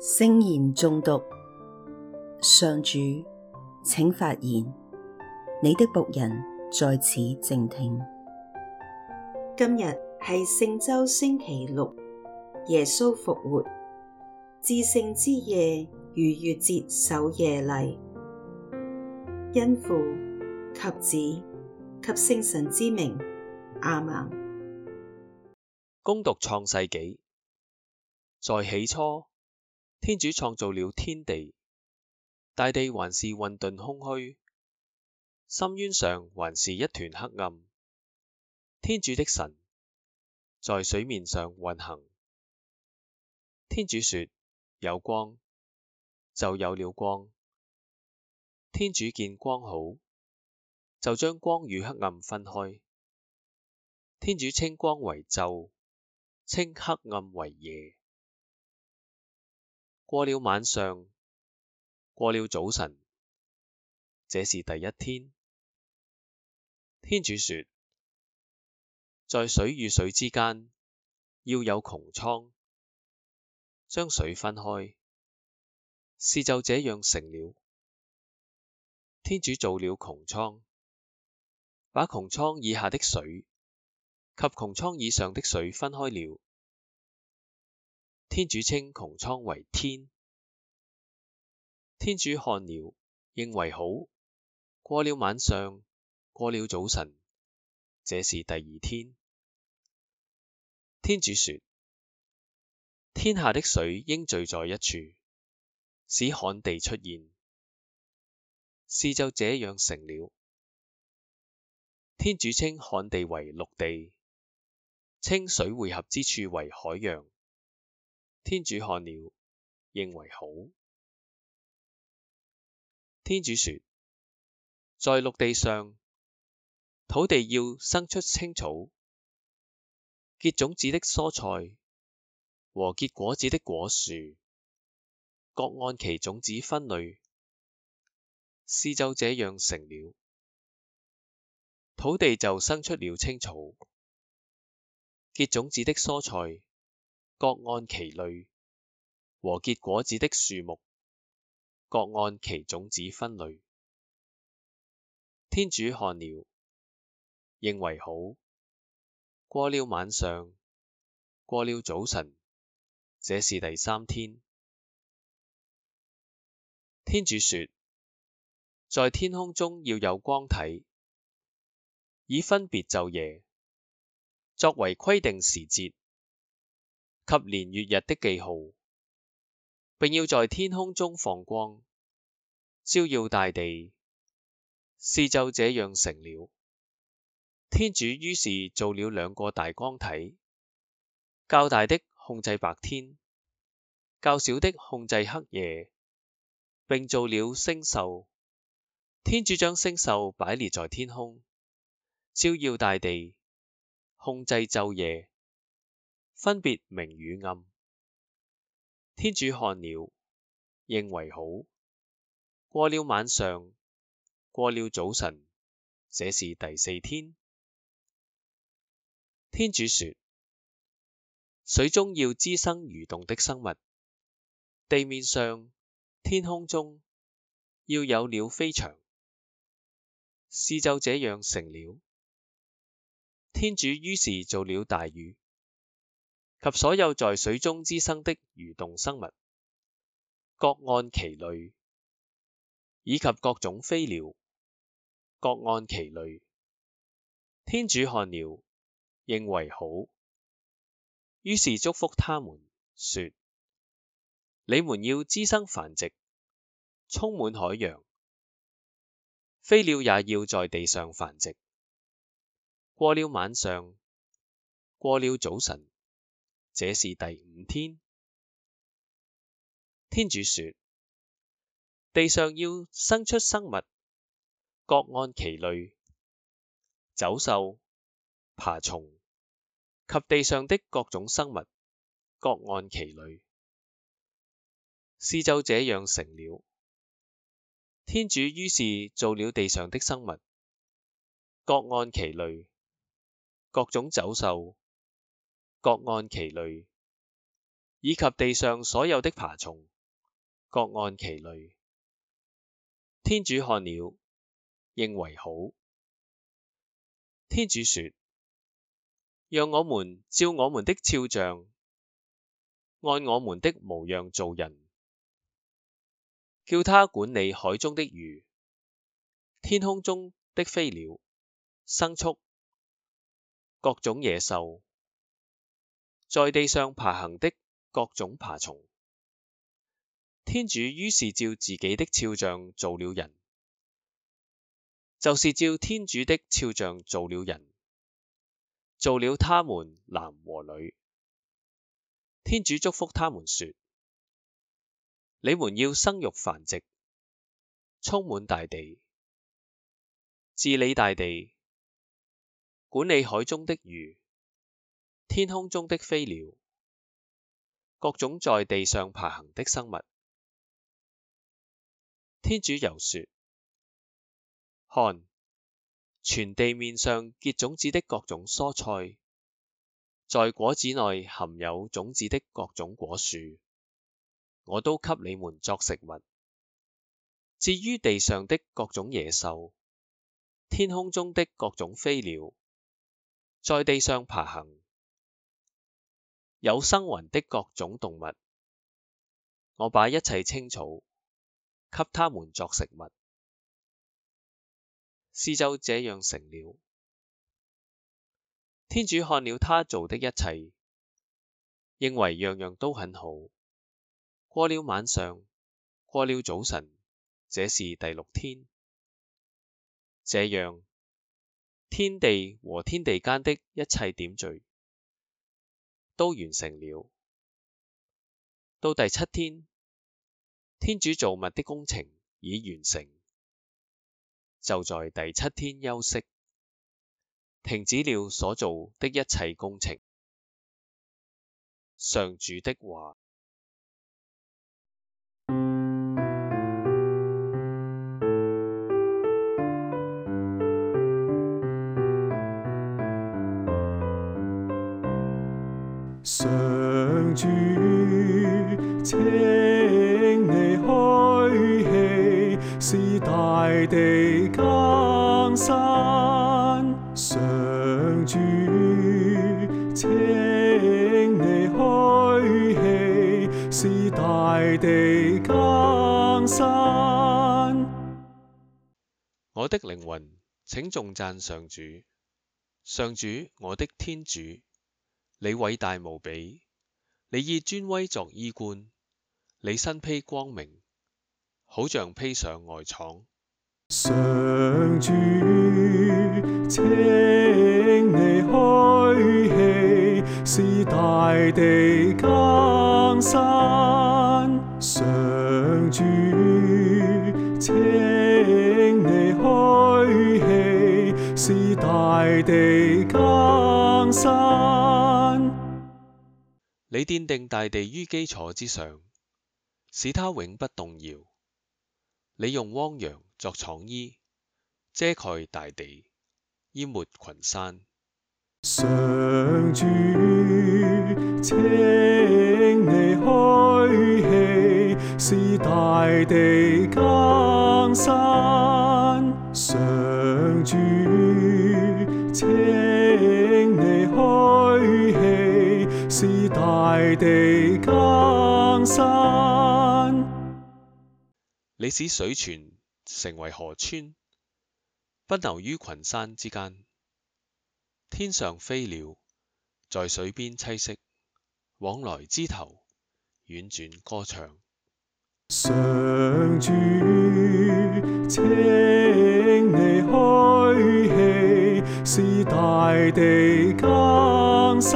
聖言誦讀，上主，請發言，你的僕人在此靜聽。今日係聖周星期六，耶穌復活。至聖之夜，逾越節守夜禮，因父及子及聖神之名，阿們。恭讀創世紀，在起初，天主創造了天地，大地還是混沌空虛，深淵上還是一團黑暗。天主的神在水面上運行。天主說。有光，就有了光。天主見光好，就將光與黑暗分開。天主稱光為晝，稱黑暗為夜。過了晚上，過了早晨，這是第一天。天主說，在水與水之間，要有穹蒼。將水分開，事就這樣成了。天主造了穹蒼，把穹蒼以下的水及穹蒼以上的水分開了。天主稱穹蒼為天。天主看了，認為好。過了晚上，過了早晨，這是第二天。天主說。天下的水應聚在一處，使旱地出現。事就這樣成了。天主稱旱地為陸地，稱水匯合之處為海洋。天主看了，認為好。天主說，在陸地上，土地要生出青草，結種子的蔬菜。和結果子的果樹，各按其種子分類。事就這樣成了。土地就生出了青草，結種子的蔬菜，各按其類，和結果子的樹木，各按其種子分類。天主看了，認為好。過了晚上，過了早晨。這是第三天，天主説：在天空中要有光體，以分別晝夜，作為規定時節及年月日的記號，並要在天空中放光，照耀大地。事就這樣成了。天主於是造了兩個大光體，較大的。控制白天，較小的控制黑夜，並造了星宿。天主將星宿擺列在天空，照耀大地，控制晝夜，分別明與暗。天主看了，認為好。過了晚上，過了早晨，這是第四天。天主說。水中要孳生蠕動的生物，地面上、天空中要有鳥飛翔，事就這樣成了。天主於是造了大魚及所有在水中孳生的蠕動生物，各按其類，以及各種飛鳥，各按其類。天主看了，認為好。於是祝福他們，說：你們要滋生繁殖，充滿海洋；飛鳥也要在地上繁殖。過了晚上，過了早晨，這是第五天。天主說：地上要生出生物，各按其類，走獸、爬蟲，及地上的各種生物，各按其類。事就這樣成了。天主於是造了地上的生物，各按其類；各種走獸，各按其類；以及地上所有的爬蟲，各按其類。天主看了，認為好。天主說。讓我們照我們的肖像，按我們的模樣造人，叫他管理海中的魚、天空中的飛鳥、牲畜、各種野獸，在地上爬行的各種爬蟲。天主於是照自己的肖像造了人，就是照天主的肖像造了人。造了他們男和女，天主祝福他們，說：你們要生育繁殖，充滿大地，治理大地，管理海中的魚，天空中的飛鳥，各種在地上爬行的生物。天主又說：看。全地面上結種子的各種蔬菜，在果子內含有種子的各種果樹，我都給你們作食物。至於地上的各種野獸，天空中的各種飛鳥，在地上爬行、有生魂的各種動物，我把一切青草給他們作食物。事就這樣成了，天主看了他造的一切，認為樣樣都很好。過了晚上，過了早晨，這是第六天。這樣，天地和天地間的一切點綴都完成了。到第七天，天主造物的工程已完成。就在第七天休息，停止了所做的一切工程。上主的話，上主 使大地更新，上主，請你噓氣；使大地更新，我的靈魂，請頌讚上主，上主我的天主，你偉大無比，你以尊威作衣冠，你身披光明。好像披上外氅，上主，請你噓氣，使大地更新。上主，請你噓氣，使大地更新。你奠定大地於基礎之上，使它永不動搖。你用汪洋作氅衣，遮蓋大地，淹沒群山。上主，請你噓氣，使大地更新。上主，請你噓氣，使大地更新。你使水泉成為河川，奔流於群山之間。天上飛鳥在水邊棲息，往來枝頭婉轉歌唱。上主，請你噓氣，使大地更新。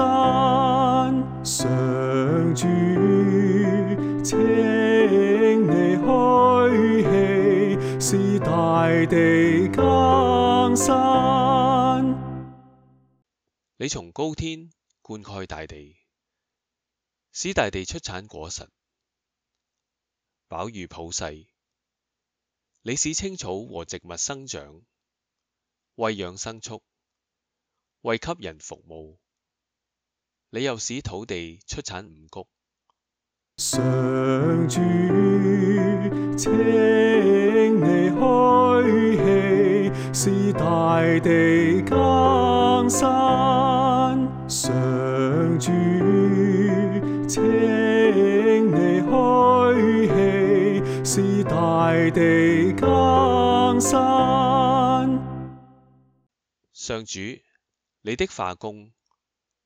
上主，請。上主請大地更新，你從高天灌溉大地，使大地出產果實，飽飫普世。你使青草和植物生長，餵養牲畜，為給人服務。你又使土地出產五穀。上主，請你噓氣，使大地更新。上主，請你噓氣，使大地更新。上主，你的化工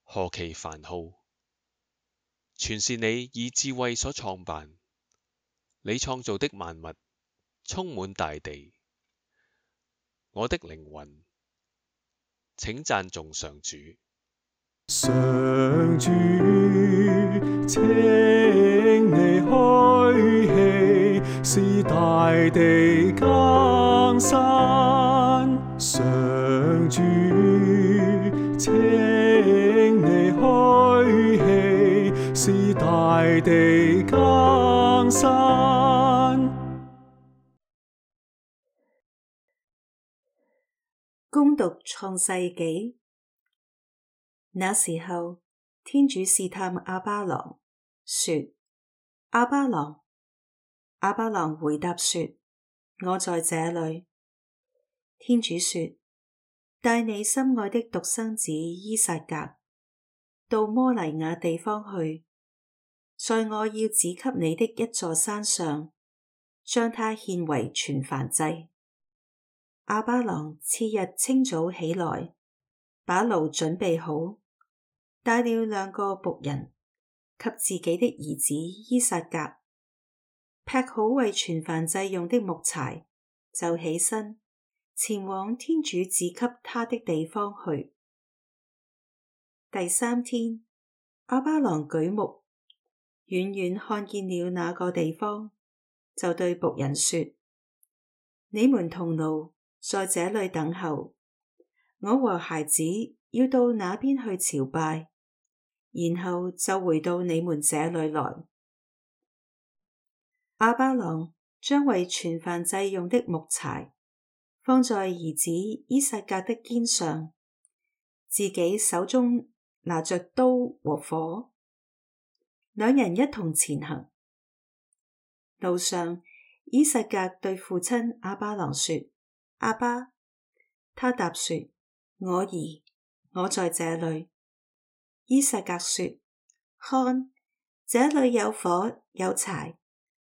何其繁浩。全是你以智慧所創辦，你創造的萬物充滿大地。我的靈魂，請讚頌上主。上主，請你噓氣，使大地更新。上主，請。使大地更新。恭讀創世紀，那時候，天主試探亞巴郎，說：亞巴郎，亞巴郎回答說：我在這裡。天主說：帶你心愛的獨生子依撒格到摩黎雅地方去。在我要指給你的一座山上，將他獻為全燔祭。亞巴郎次日清早起來，把驢準備好，帶了兩個僕人及自己的兒子依撒格，劈好為全燔祭用的木柴，就起身前往天主指給他的地方去。第三天，亞巴郎舉目。遠遠看見了那個地方，就對僕人說：你們同驢，在這裡等候，我和孩子要到那邊去朝拜，然後就回到你們這裡來。亞巴郎將為全燔祭用的木柴，放在兒子依撒格的肩上，自己手中拿着刀和火。兩人一同前行，路上，依撒格對父親亞巴郎說：阿巴。他答說：我兒，我在這裡。依撒格說：看，這裡有火有柴，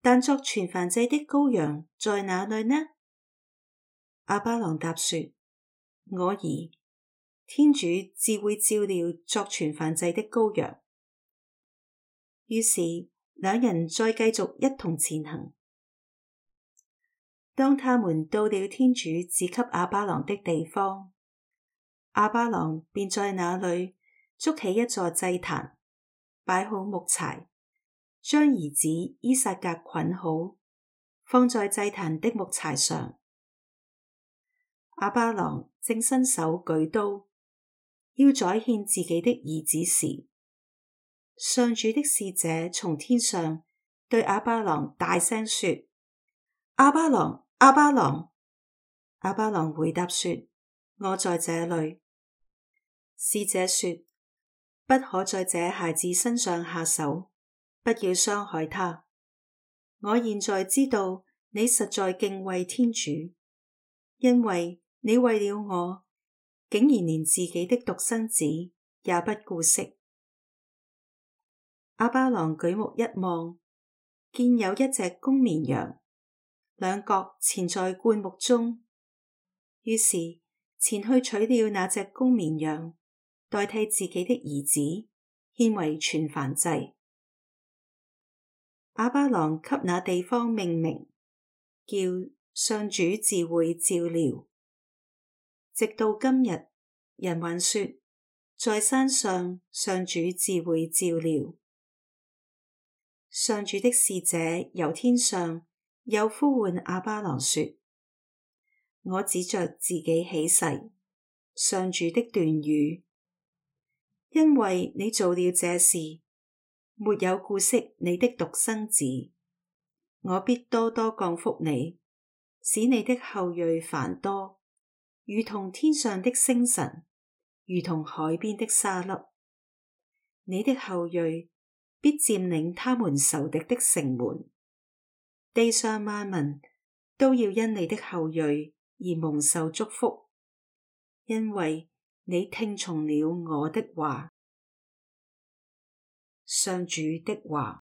但作全燔祭的羔羊在哪裡呢？亞巴郎答說：我兒，天主自會照料作全燔祭的羔羊。於是，兩人再繼續一同前行。當他們到了天主指給亞巴郎的地方，亞巴郎便在那裏築起一座祭壇，擺好木柴，將兒子依撒格捆好，放在祭壇的木柴上。亞巴郎正伸手舉刀，要宰獻自己的兒子時，上主的使者從天上對亞巴郎大聲說：亞巴郎，亞巴郎！亞巴郎回答說：我在這裡。使者說：不可在這孩子身上下手，不要傷害他。我現在知道你實在敬畏天主，因為你為了我，竟然連自己的獨生子也不顧惜。亞巴郎舉目一望，見有一隻公綿羊，兩角纏在灌木中。於是前去取了那隻公綿羊，代替自己的兒子，獻為全燔祭。亞巴郎給那地方命名，叫上主自會照料。直到今日，人還說，在山上上主自會照料。上主的使者由天上，又呼喚亞巴郎說：我指着自己起誓，上主的斷語，因為你做了這事，沒有顧惜你的獨生子，我必多多降福你，使你的後裔繁多，如同天上的星辰，如同海邊的沙粒，你的後裔。必佔領他們仇敵的城門，地上萬民都要因你的後裔而蒙受祝福，因為你聽從了我的話，—上主的話。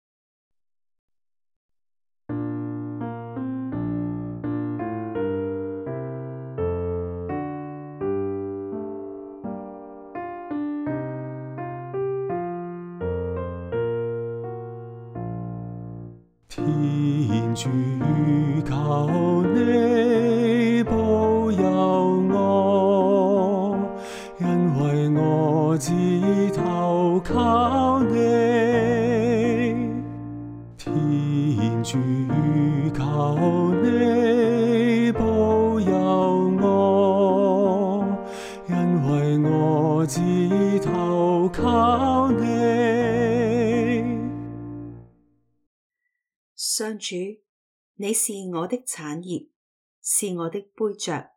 主，你是我的產業，是我的杯爵，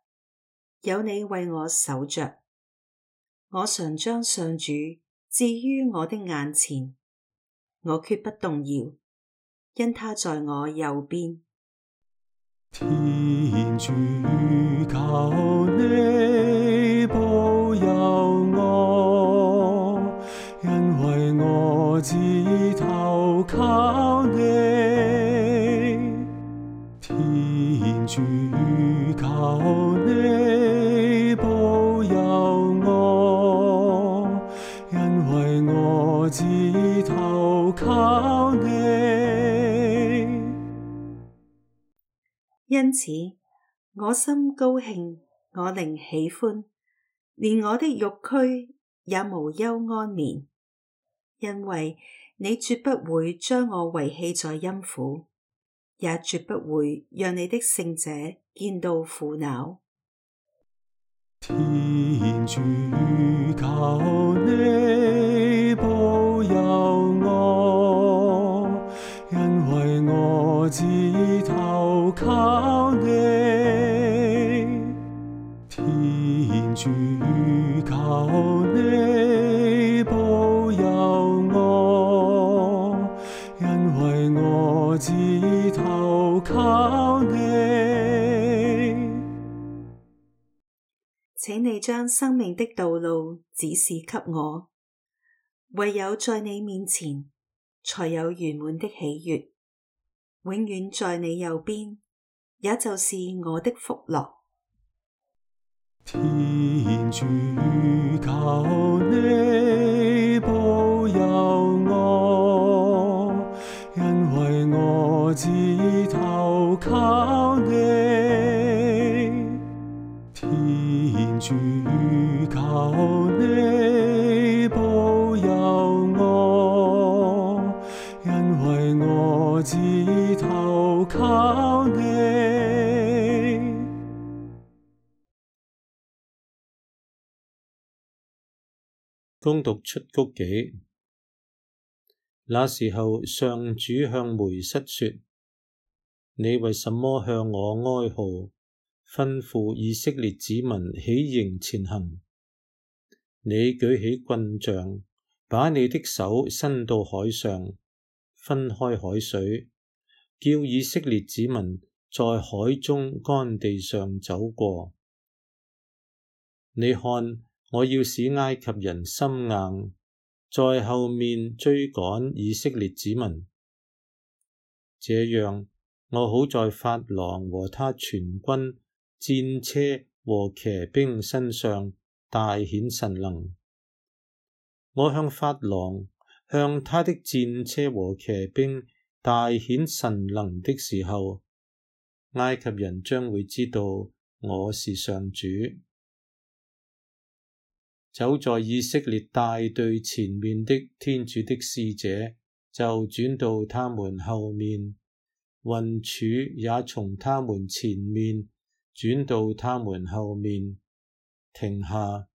有你為我守着，我常將上主置於我的眼前，我決不動搖，因他在我右邊。天主求你保佑我，因為我只投靠。因此，我心高興，我靈喜歡，連我的肉軀也無憂安眠，因為你絕不會將我遺棄在陰府，也絕不會讓你的聖者見到腐朽。天主求你保佑我，因為我知。請你將生命的道路指示給我，唯有在你面前，才有圓滿的喜悦。永遠在你右邊，也就是我的福樂。天主求你保佑我，因為我知。恭讀出谷紀，那時候上主向梅瑟說：你為什麼向我哀號？吩咐以色列子民起營前行。你舉起棍杖，把你的手伸到海上，分開海水，叫以色列子民在海中乾地上走過。你看。我要使埃及人心硬，在後面追趕以色列子民，這樣我好在法郎和他全軍戰車和騎兵身上大顯神能。我向法郎，向他的戰車和騎兵大顯神能的時候，埃及人將會知道我是上主。走在以色列大隊前面的天主的使者就轉到他們後面，雲柱也從他們前面轉到他們後面停下，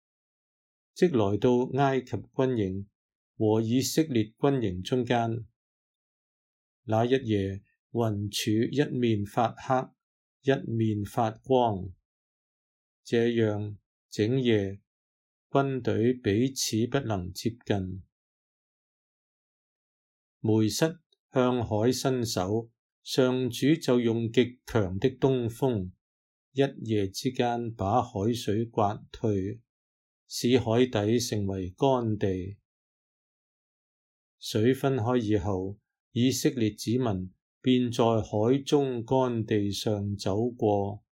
即來到埃及軍營和以色列軍營中間。那一夜，雲柱一面發黑，一面發光，這樣整夜。軍隊彼此不能接近。梅瑟向海伸手，上主就用極強的東風，一夜之間把海水刮退，使海底成為乾地。水分開以後，以色列子民便在海中乾地上走過，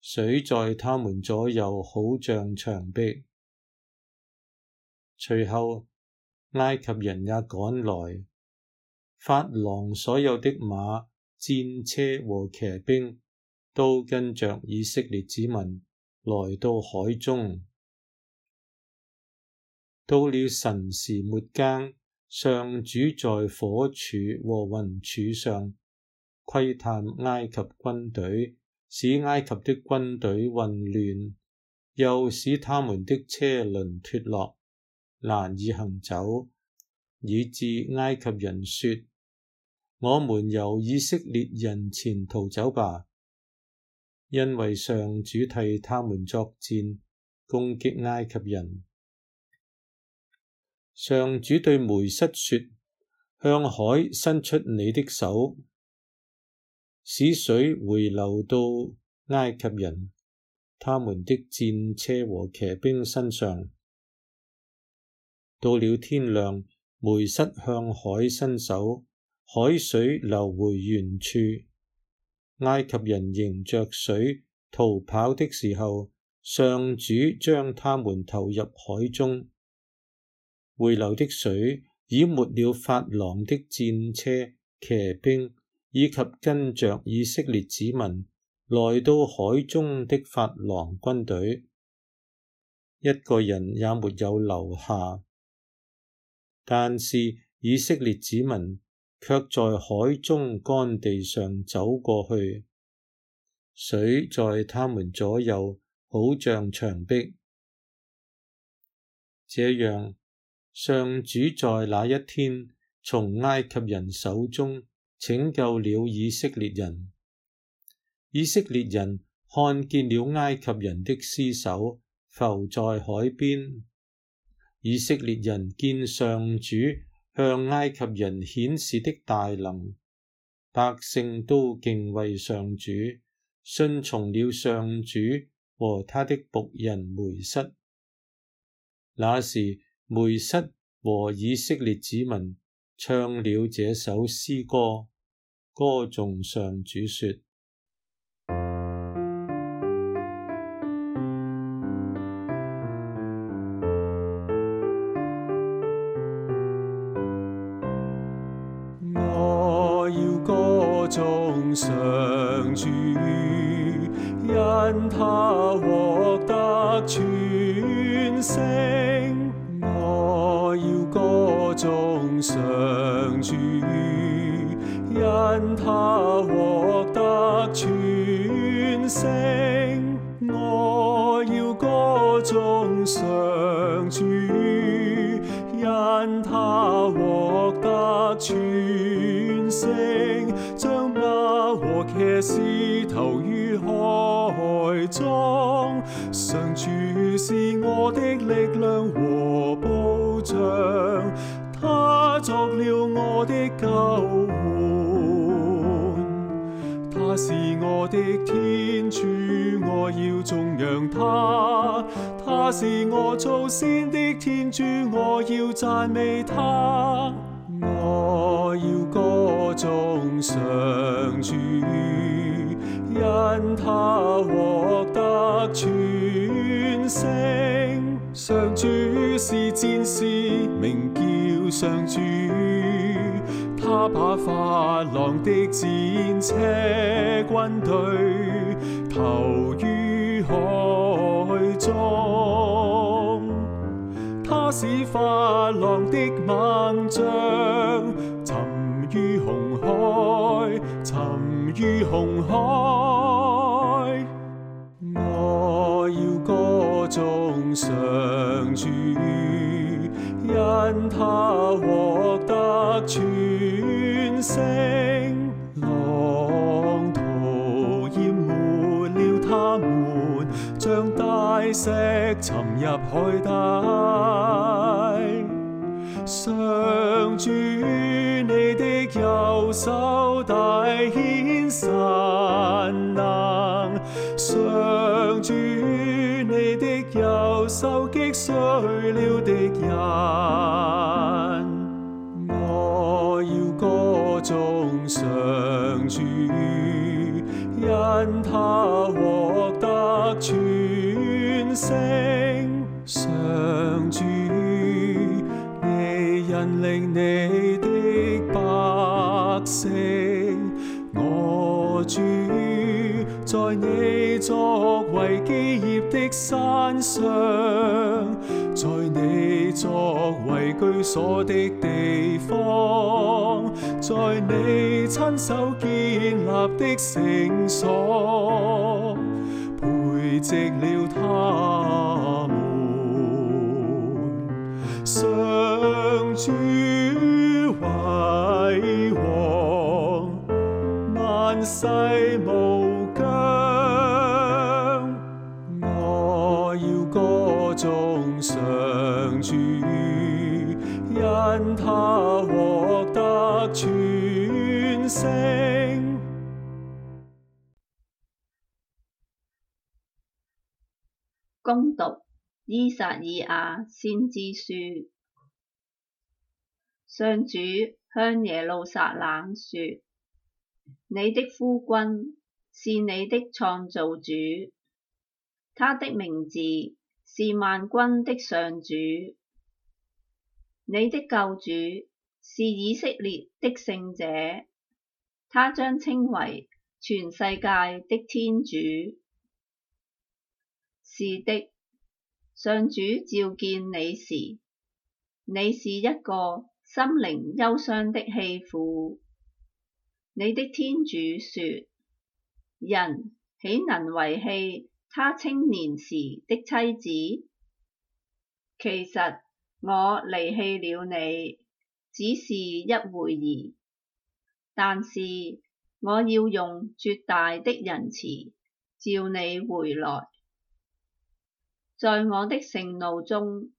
水在他們左右，好像牆壁。隨後，埃及人也趕來，法郎所有的馬、戰車和騎兵都跟着以色列子民來到海中。到了晨時末更，上主在火柱和雲柱上窺探埃及軍隊，使埃及的軍隊混亂，又使他們的車輪脫落。難以行走，以致埃及人說：我們由以色列人前逃走吧，因為上主替他們作戰，攻擊埃及人。上主對梅瑟說：向海伸出你的手，使水回流到埃及人、他們的戰車和騎兵身上。到了天亮，梅瑟向海伸手，海水流回原處。埃及人迎着水逃跑的時候，上主將他們投入海中。回流的水淹沒了法郎的戰車、騎兵以及跟着以色列子民來到海中的法郎軍隊，一個人也沒有留下。但是以色列子民卻在海中乾地上走過去，水在他們左右，好像牆壁。這樣，上主在那一天從埃及人手中拯救了以色列人。以色列人看見了埃及人的屍首浮在海邊。以色列人見上主向埃及人顯示的大能，百姓都敬畏上主，信從了上主和他的僕人梅瑟。那時，梅瑟和以色列子民唱了這首詩歌，歌頌上主說。我的力量和保障，他作了我的救援，他是我的天主，我要頌揚他，他是我祖先的天主，我要讚美他，我要歌頌上主，因他獲得全勝。上主是戰士，名叫上主。他把法郎的戰車軍隊投於海中，他使法郎的猛將沉於紅海，沉於紅海。上主，因他獲得全勝。浪濤淹沒了他們，像大石沉入海底。上主，你的右手大顯神能受擊碎了的人，我要歌頌上主，因他獲得全勝，上主，你引領你的百姓，我住在你，作為基業的山上，在你作為居所的地方，在你親手建立的聖所，培植了他們，上主為王，萬世無。恭讀《伊撒爾亞先知書》，上主向耶路撒冷說：你的夫君是你的創造主，他的名字是萬軍的上主，你的救主是以色列的聖者，他將稱為全世界的天主。是的，上主召見你時，你是一個心靈憂傷的棄婦。你的天主說：人豈能遺棄他青年時的妻子？其實我離棄了你，只是一會兒，但是我要用絕大的仁慈召你回來。在我的盛怒中，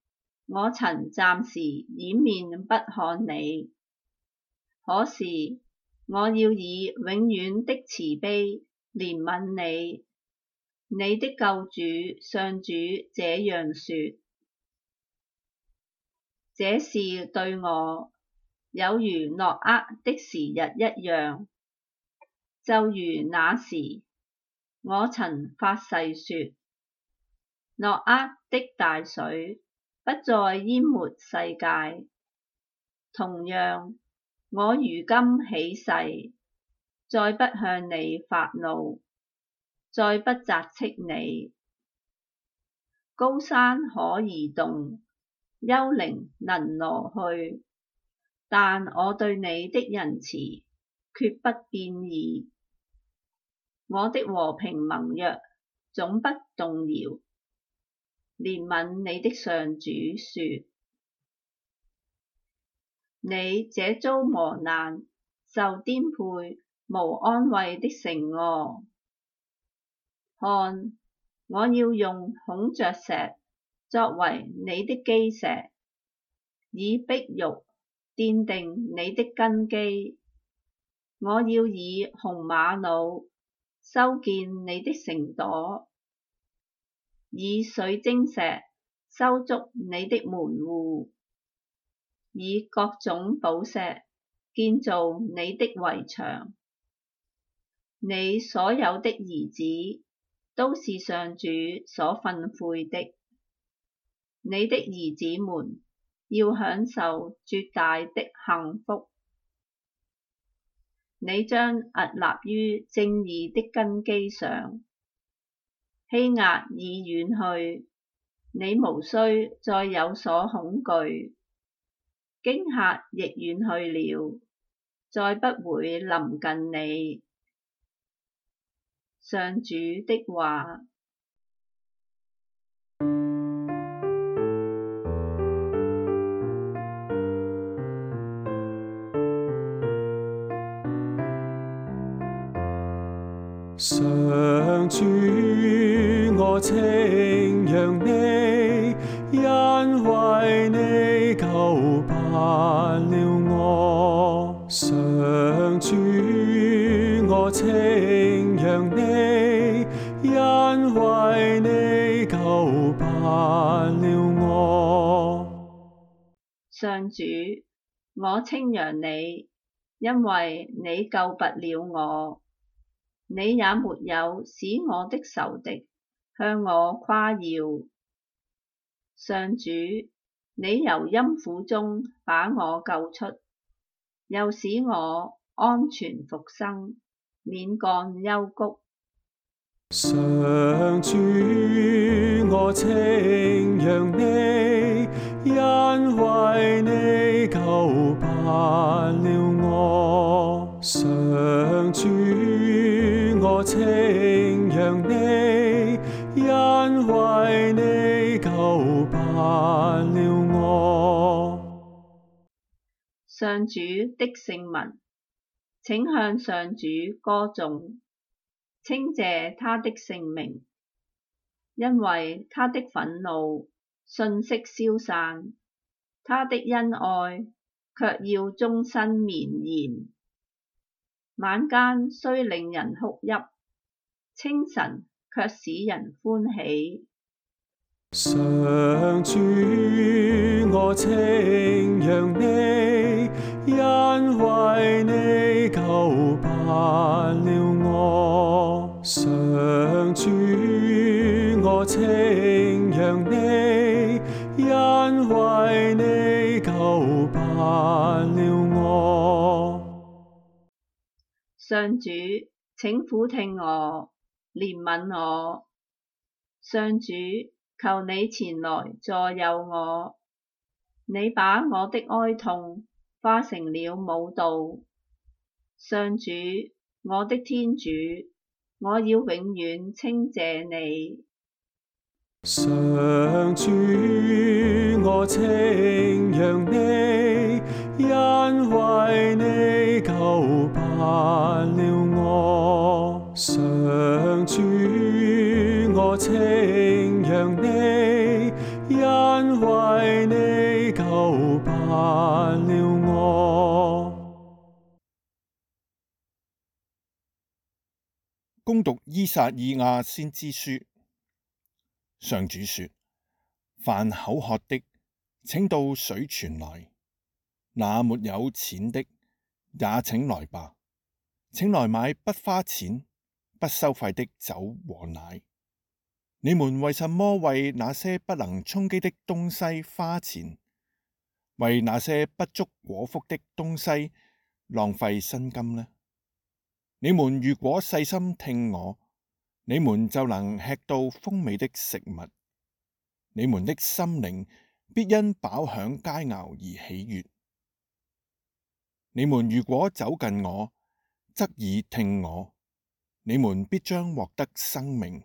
我曾暫時掩面不看你，可是我要以永遠的慈悲憐憫你。你的救主上主這樣說：這事對我有如諾厄的時日一樣，就如那時我曾發誓說。諾厄的大水不再淹沒世界。同樣，我如今起誓，再不向你發怒，再不責斥你。高山可移動，丘陵能挪去，但我對你的仁慈決不變異。我的和平盟約總不動搖。憐憫你的上主説：你這遭磨難、受顛沛、無安慰的城哦，看，我要用孔雀石作為你的基石，以碧玉奠定，定你的根基。我要以紅瑪瑙修建你的城墻。以水晶石修築你的門戶，以各種寶石建造你的圍牆。你所有的兒子都是上主所訓誨的，你的兒子們要享受絕大的幸福。你將屹立於正義的根基上。欺壓已遠去，你無需再有所恐懼，驚嚇亦遠去了，再不會臨近你。上主的話，上主。我稱揚你，因為你救拔了我。上主，我稱揚你，因為你救拔了我。上主，我稱揚你，因為你救拔了我。你也沒有使我的仇敵。向我誇耀。上主，你由陰府中把我救出，又使我安全復生，免干幽谷。上主，我稱揚你，因為你救拔了我。上主，我稱揚你。上主的聖民，請向上主歌頌，稱謝他的聖名，因為他的憤怒瞬息消散，他的恩愛卻要終身綿延。晚間雖令人哭泣，清晨卻使人歡喜。上主，上主，我請讓你，因為你救拔了我，我，我。上主，我請讓你，因為你救拔了我。上主，請俯聽我，憐憫我，上主。求你前來助佑我，你把我的哀痛化成了舞蹈。上主，我的天主，我要永遠稱謝你。上主，我稱揚你，因為你救拔了我。上主，我稱。恭讀《依撒意亞先知書》，上主說：凡口渴的，請到水泉來；那沒有錢的，也請來吧，請來買不花錢、不收費的酒和奶。你們為什麼為那些不能充飢的東西花錢？為那些不足果腹的東西浪費薪金呢？你們如果細心聽我，你們就能吃到風味的食物，你們的心靈必因飽享佳餚而喜悦。你們如果走近我，側耳聽我，你們必將獲得生命。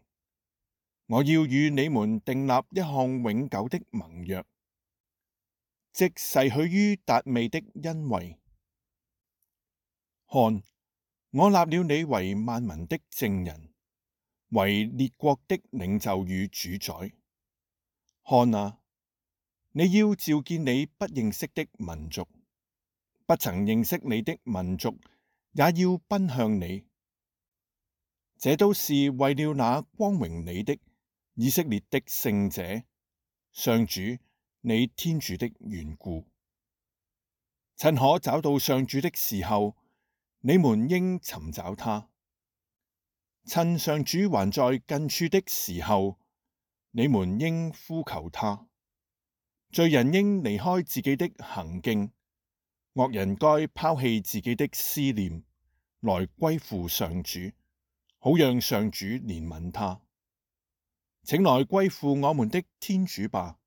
我要與你們訂立一項永久的盟約。即誓許於達味的恩惠，看我立了你為萬民的證人，為列國的領袖與主宰。看啊，你要召見你不認識的民族，不曾認識你的民族，也要奔向你。這都是為了那光榮你的以色列的聖者，上主。你天主的緣故，趁可找到上主的時候，你們應尋找他；趁上主還在近處的時候，你們應呼求他。罪人應離開自己的行徑，惡人該拋棄自己的思念，來歸附上主，好讓上主憐憫他。請來歸附我們的天主吧。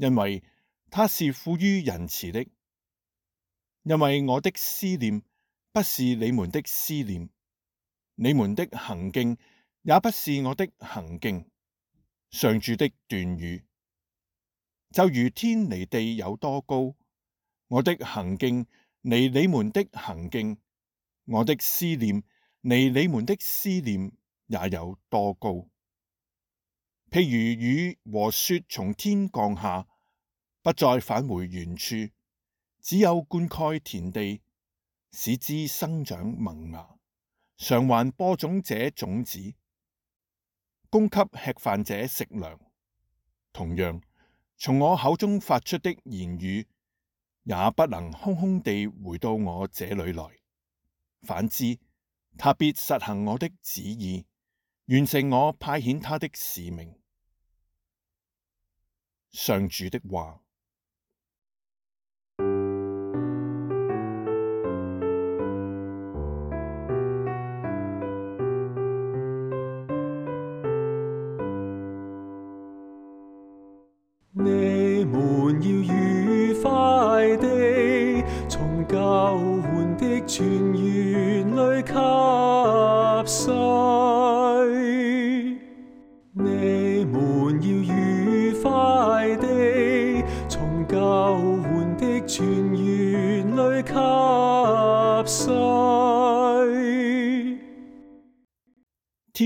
因為他是富於仁慈的，因為我的思念不是你們的思念，你們的行徑也不是我的行徑。上主的斷語，就如天離地有多高，我的行徑離你們的行徑，我的思念離你們的思念也有多高。譬如雨和雪從天降下，不再返回原處，只有灌溉田地，使之生長萌芽，償還播種者種子，供給吃飯者食糧。同樣，從我口中發出的言語，也不能空空地回到我這裏來，反之，他必實行我的旨意，完成我派遣他的使命。上主的話。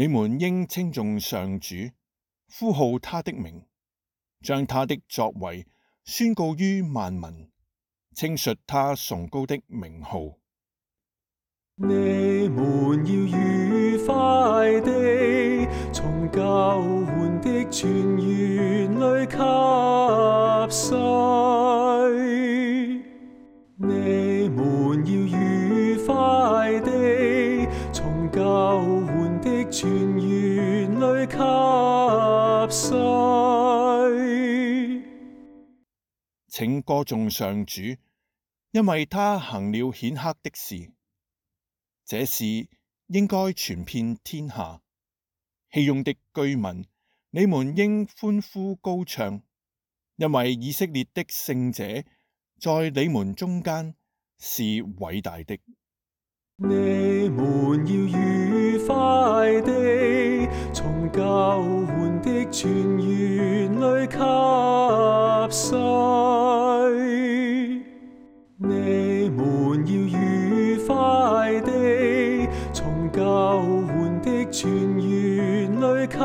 你們應稱頌上主，呼號他的名，將他的作為宣告於萬民，稱述他崇高的名號。你們要愉快地從救援的泉源裏吸水。請歌頌上主，因為他行了顯赫的事，這事應該傳遍天下。熙雍的居民，你們應歡呼高唱，因為以色列的聖者在你們中間是偉大的。你們要愉快的。救援的泉源裏汲水，你們要愉快地從救援的泉源裏汲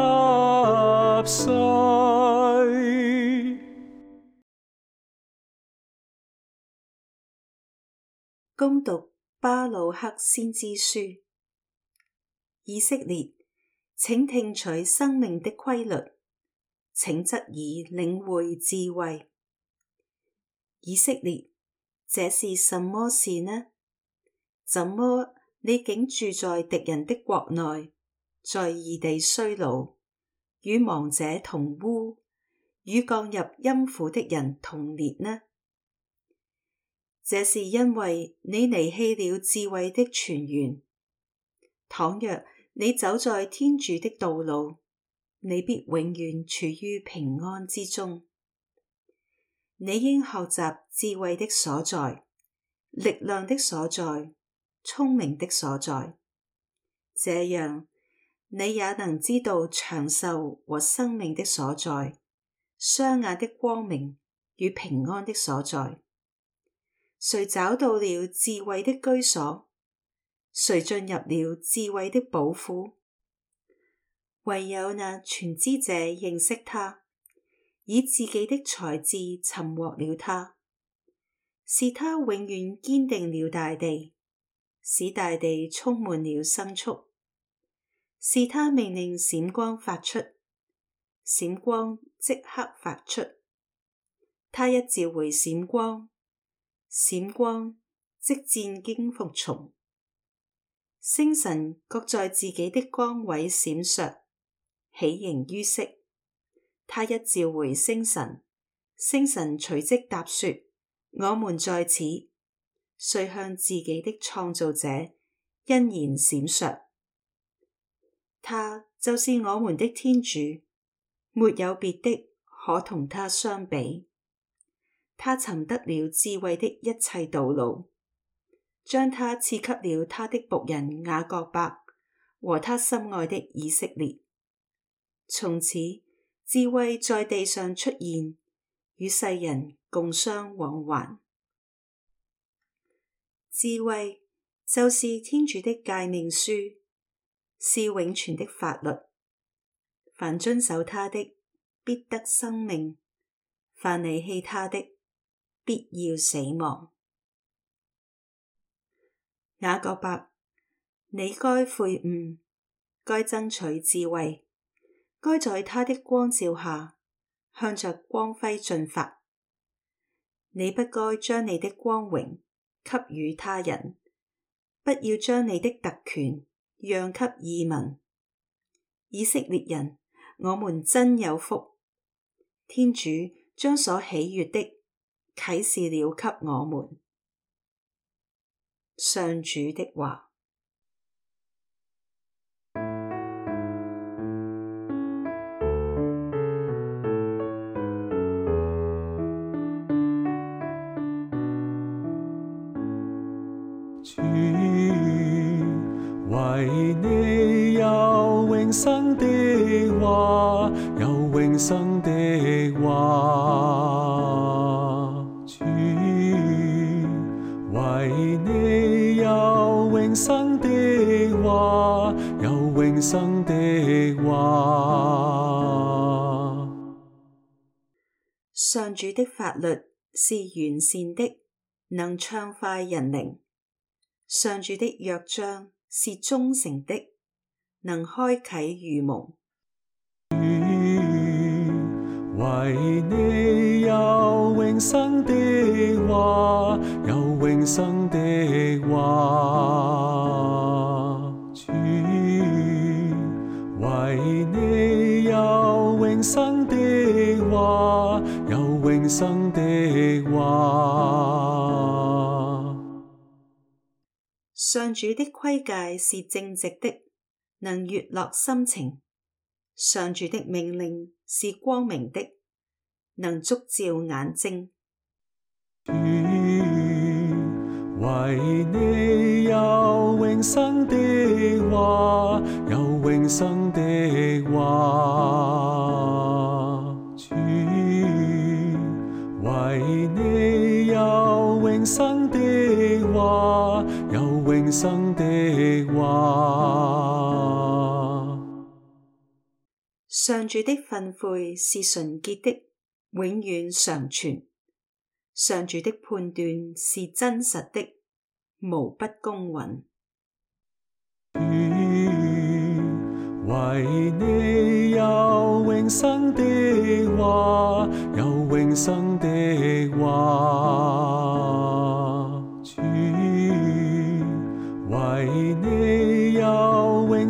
水。恭讀巴魯克先知書，以色列。請聽取生命的規律，請側耳，領會智慧。以色列，這是什麼事呢？怎麼你竟住在敵人的國內，在異地衰老，與亡者同污，與降入陰府的人同列呢？這是因為你離棄了智慧的泉源。倘若你走在天主的道路，你必永遠處於平安之中。你應學習智慧的所在、力量的所在、聰明的所在，這樣你也能知道長壽和生命的所在、雙眼的光明與平安的所在。誰找到了智慧的居所？誰進入了智慧的寶庫？唯有那全知者認識他，以自己的才智尋獲了他。是他永遠堅定了大地，使大地充滿了牲畜。是他命令閃光發出，閃光即刻發出。他一召回閃光，閃光即戰經服從。星神各在自己的光位閃爍，喜形於色。他一召回星神，星神隨即答說：我們在此，遂向自己的創造者欣然閃爍。他就是我們的天主，沒有別的可同他相比。他尋得了智慧的一切道路。將他賜給了他的僕人雅各伯和他心愛的以色列。從此，智慧在地上出現，與世人共相往還。智慧就是天主的誡命書，是永存的法律。凡遵守他的，必得生命；凡離棄他的，必要死亡。雅各伯，你該悔悟，該爭取智慧，該在它的光照下，向着光輝進發。你不該將你的光榮給予他人，不要將你的特權讓給異民。以色列人，我們真有福，天主將所喜悦的啟示了給我們。上主的話。主，為你有永生的話，有永生的話。上主的法律是完善的，能暢快人靈；上主的約章是忠誠的，能開啟愚蒙。為你有永生的話，有永生的話。上主的規戒是正直的，能悅樂、樂心情；上主的命令是光明的，能燭照眼睛。為你有永生的話，有永生的話。上主的訓誨是純潔的，永遠常存；上主的判斷是真實的，無不公允，嗯。為你有永生的話，有永生的話。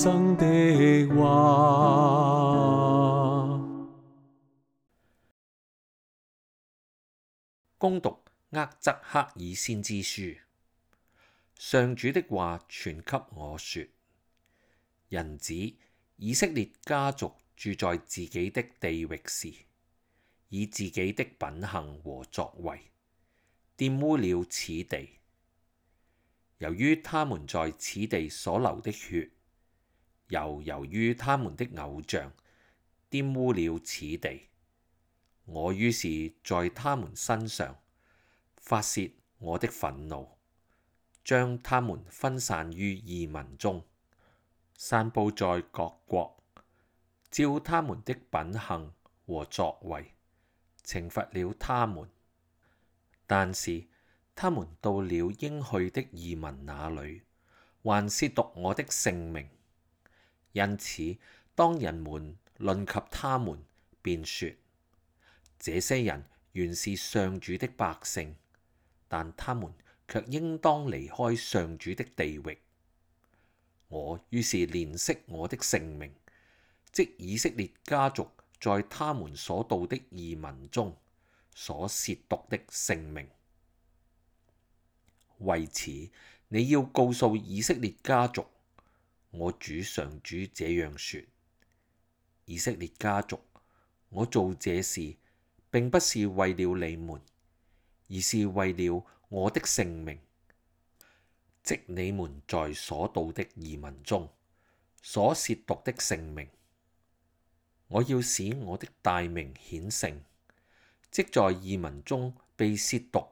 生的話，恭讀厄則克爾先知書，上主的話傳給我說。人子以色列家族住在自己的地域時，以自己的品行和作為玷污了此地，由於他們在此地所流的血。又由，由於他們的偶像玷污了此地，我於是在他們身上發洩我的憤怒，將他們分散於異民中，散布在各國，照他們的品行和作為懲罰了他們。但是他們到了應去的異民那裡，還是褻瀆我的聖名。因此，當人們論及他們，便說這些人原是上主的百姓，但他們卻應當離開上主的地域。我於是憐惜我的聖名，即以色列家族在他們所到的異民中所褻瀆的聖名。為此，你要告訴以色列家族。我主上主這樣說：以色列家族，我做這事並不是為了你們，而是為了我的聖名，即你們在所到的異民中所褻瀆的聖名。我要使我的大名顯聖，即在異民中被褻瀆，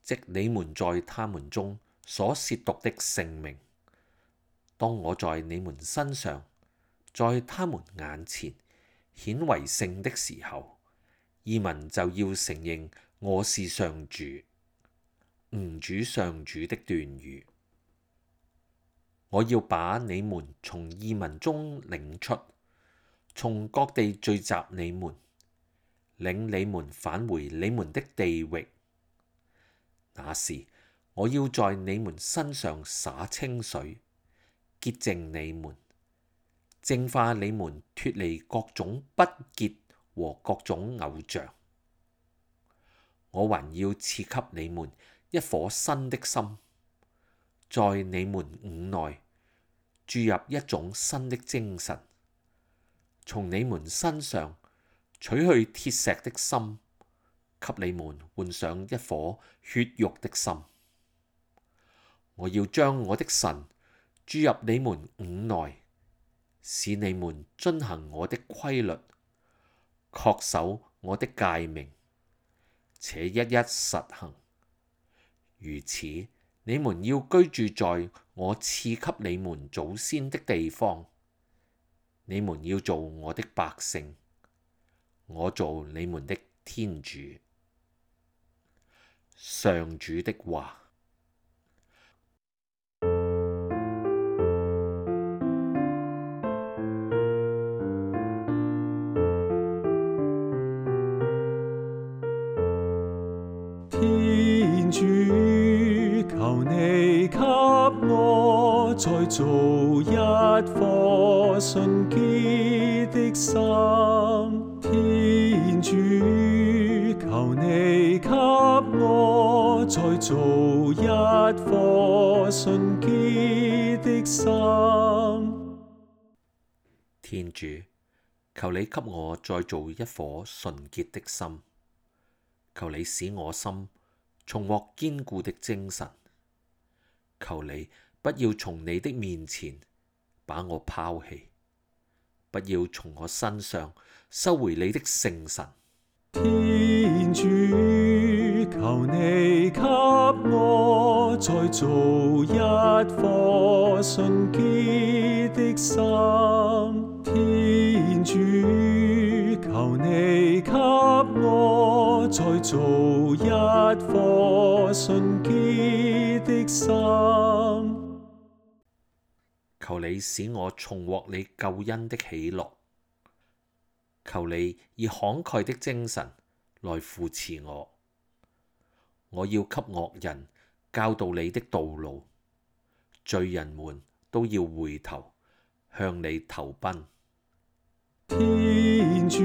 即你們在他們中所褻瀆的聖名。當我在你們身上，在他們眼前顯為聖的時候，異民就要承認我是上主，吾主上主的斷語。我要把你們從異民中領出，從各地聚集你們，領你們返回你們的地域。那時我要在你們身上灑清水。潔淨你們，淨化你們，脫離各種不潔和各種偶像。我還要賜給你們一顆新的心，在你們五內注入一種新的精神，從你們身上取去鐵石的心，給你們換上一顆血肉的心。我要將我的神，注入你們五內，使你們遵行我的規律，恪守我的誡命，且一一實行。如此，你們要居住在我賜給你們祖先的地方，你們要做我的百姓，我做你們的天主。上主的話。求你給我再造一顆純潔的心，求你使我心重獲堅固的精神，求你不要從你的面前把我拋棄，不要從我身上收回你的聖神。天主，求你給我再造一顆純潔的心。天主，求你給我再造一顆純潔的心。求你使我重獲你救恩的喜樂。求你以慷慨的精神來扶持我。我要給惡人教導你的道路，罪人們都要回頭向你投奔。天主，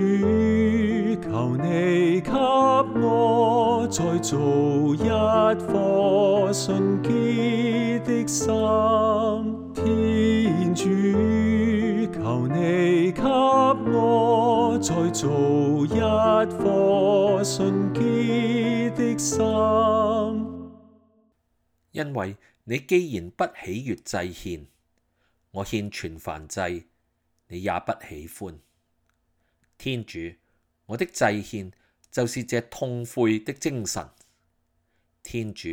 求你給我再做一顆純潔的心。天主，求你給我再做一顆純潔的心。因為你既然不喜悅祭獻，我獻全燔祭，你也不喜歡。天主，我的祭獻就是這痛悔的精神。天主，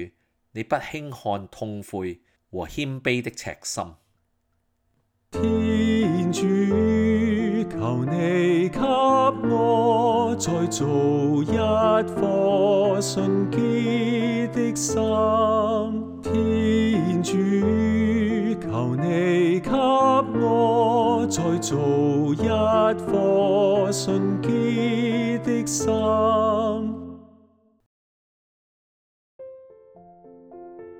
你不輕看痛悔和謙卑的赤心。天主，求你給我再造一顆純潔的心。天主，求你。再做一顆信基的心。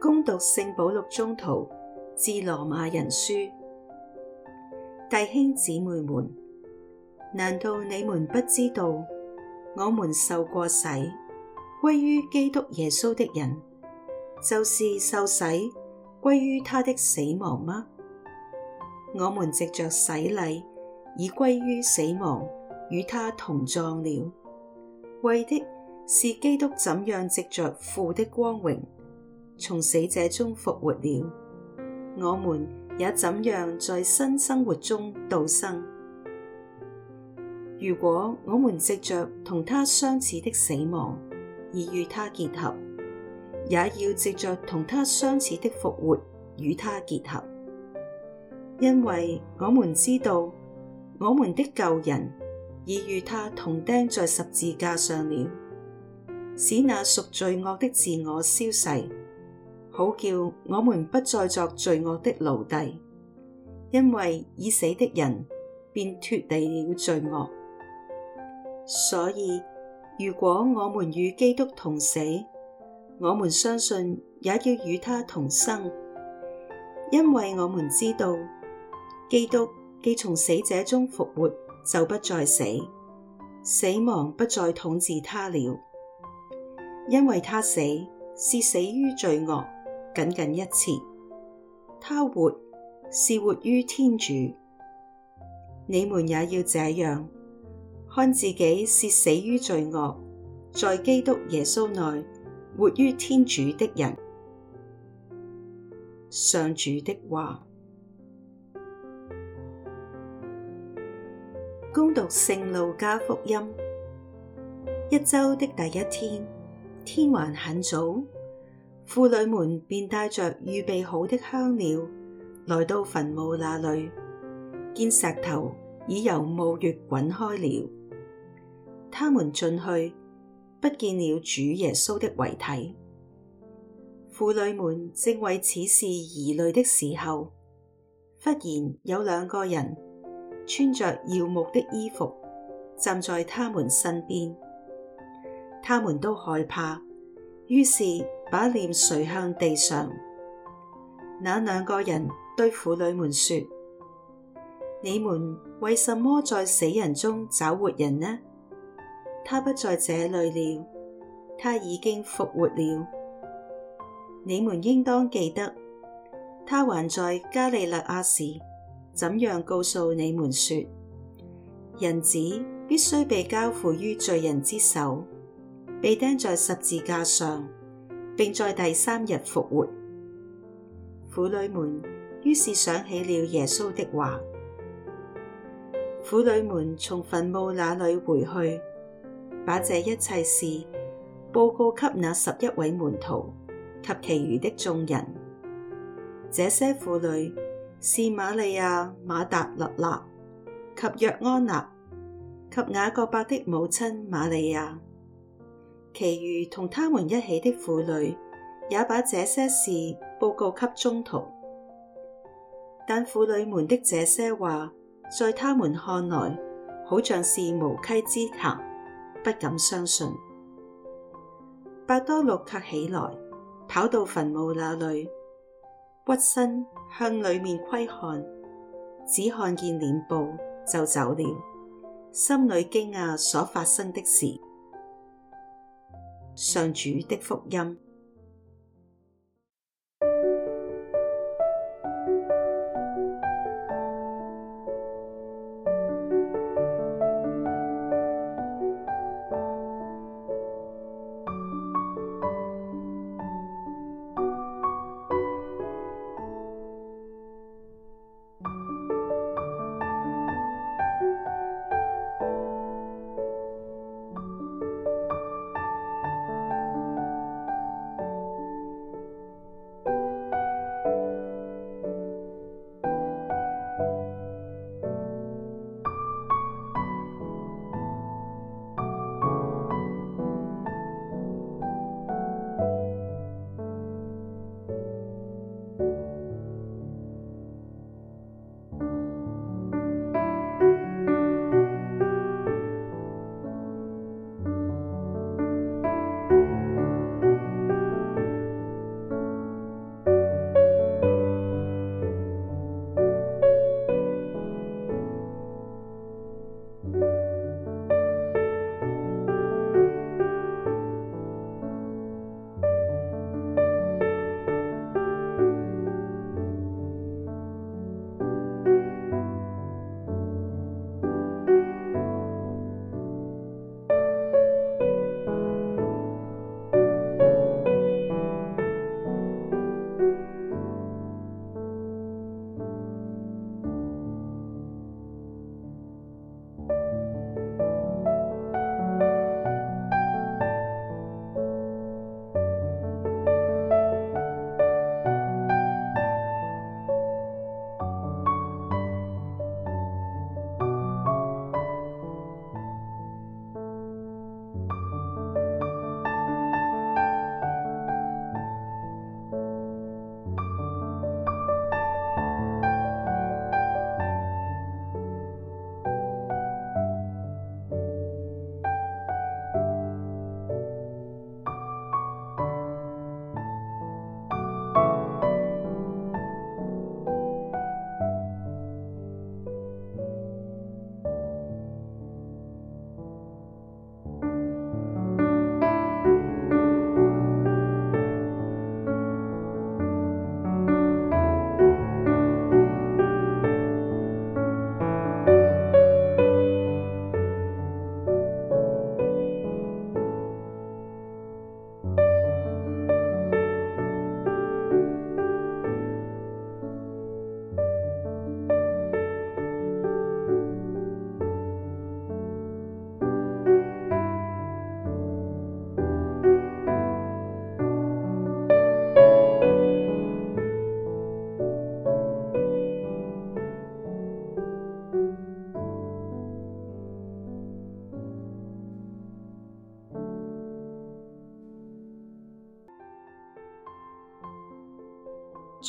恭讀聖保祿宗徒致羅馬人書：弟兄姊妹們，難道你們不知道，我們受過洗，歸於基督耶穌的人，就是受洗歸於他的死亡嗎？我們藉着洗禮，已歸於死亡，與他同葬了，為的是基督怎樣藉着父的光榮，從死者中復活了，我們也怎樣在新生活中度生。如果我們藉著同他相似的死亡而與他結合，也要藉著同他相似的復活與他結合。因為我們知道我們的舊人已與他同釘在十字架上了，使那屬罪惡的自我消逝，好叫我們不再作罪惡的奴隸。因為已死的人便脫離了罪惡，所以如果我們與基督同死，我們相信也要與他同生。因為我們知道。基督既從死者中復活，就不再死，死亡不再統治他了，因為他死是死於罪惡，僅僅一次；他活是活於天主。你們也要這樣看自己：是死於罪惡，在基督耶穌內活於天主的人。上主的話。恭讀《聖路加福音》一周的第一天，天還很早，婦女們便帶着預備好的香料，來到墳墓那裡，見石頭已由墓穴滾開了。他們進去，不見了主耶穌的遺體。婦女們正為此事疑慮的時候，忽然有兩個人。穿着耀目的衣服，站在他們身邊，他們都害怕，於是把臉垂向地上。那兩個人對婦女們說：你們為什麼在死人中找活人呢？他不在這裡了，他已經復活了。你們應當記得，他還在加里肋亞時怎樣告訴你們說，人子必須被交付於罪人之手，被釘在十字架上，並在第三日復活。婦女們於是想起了耶穌的話。婦女們從墳墓那裏回去，把這一切事報告給那十一位門徒及其餘的眾人。這些婦女。是瑪利亞、瑪達肋納及約安納及雅各伯的母親瑪利亞，其餘同他們一起的婦女也把這些事報告給宗徒。但婦女們的這些話，在他們看來，好像是無稽之談，不敢相信。伯多祿起來，跑到墳墓那裏，屈身。向裏面窺看，只看見殮布，就走了，心裏驚訝所發生的事。上主的福音。